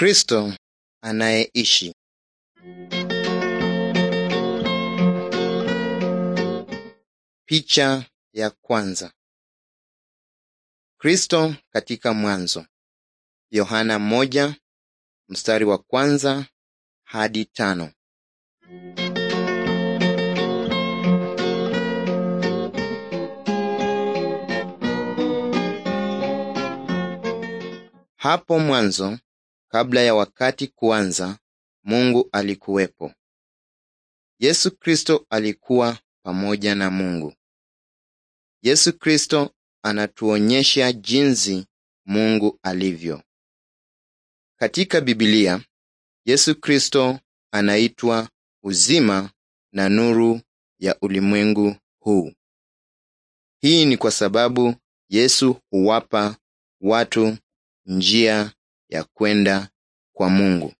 Kristo anayeishi picha ya kwanza Kristo katika mwanzo Yohana moja mstari wa kwanza hadi tano Hapo mwanzo Kabla ya wakati kuanza, Mungu alikuwepo. Yesu Kristo alikuwa pamoja na Mungu. Yesu Kristo anatuonyesha jinsi Mungu alivyo. Katika Biblia, Yesu Kristo anaitwa uzima na nuru ya ulimwengu huu. Hii ni kwa sababu Yesu huwapa watu njia ya kwenda kwa Mungu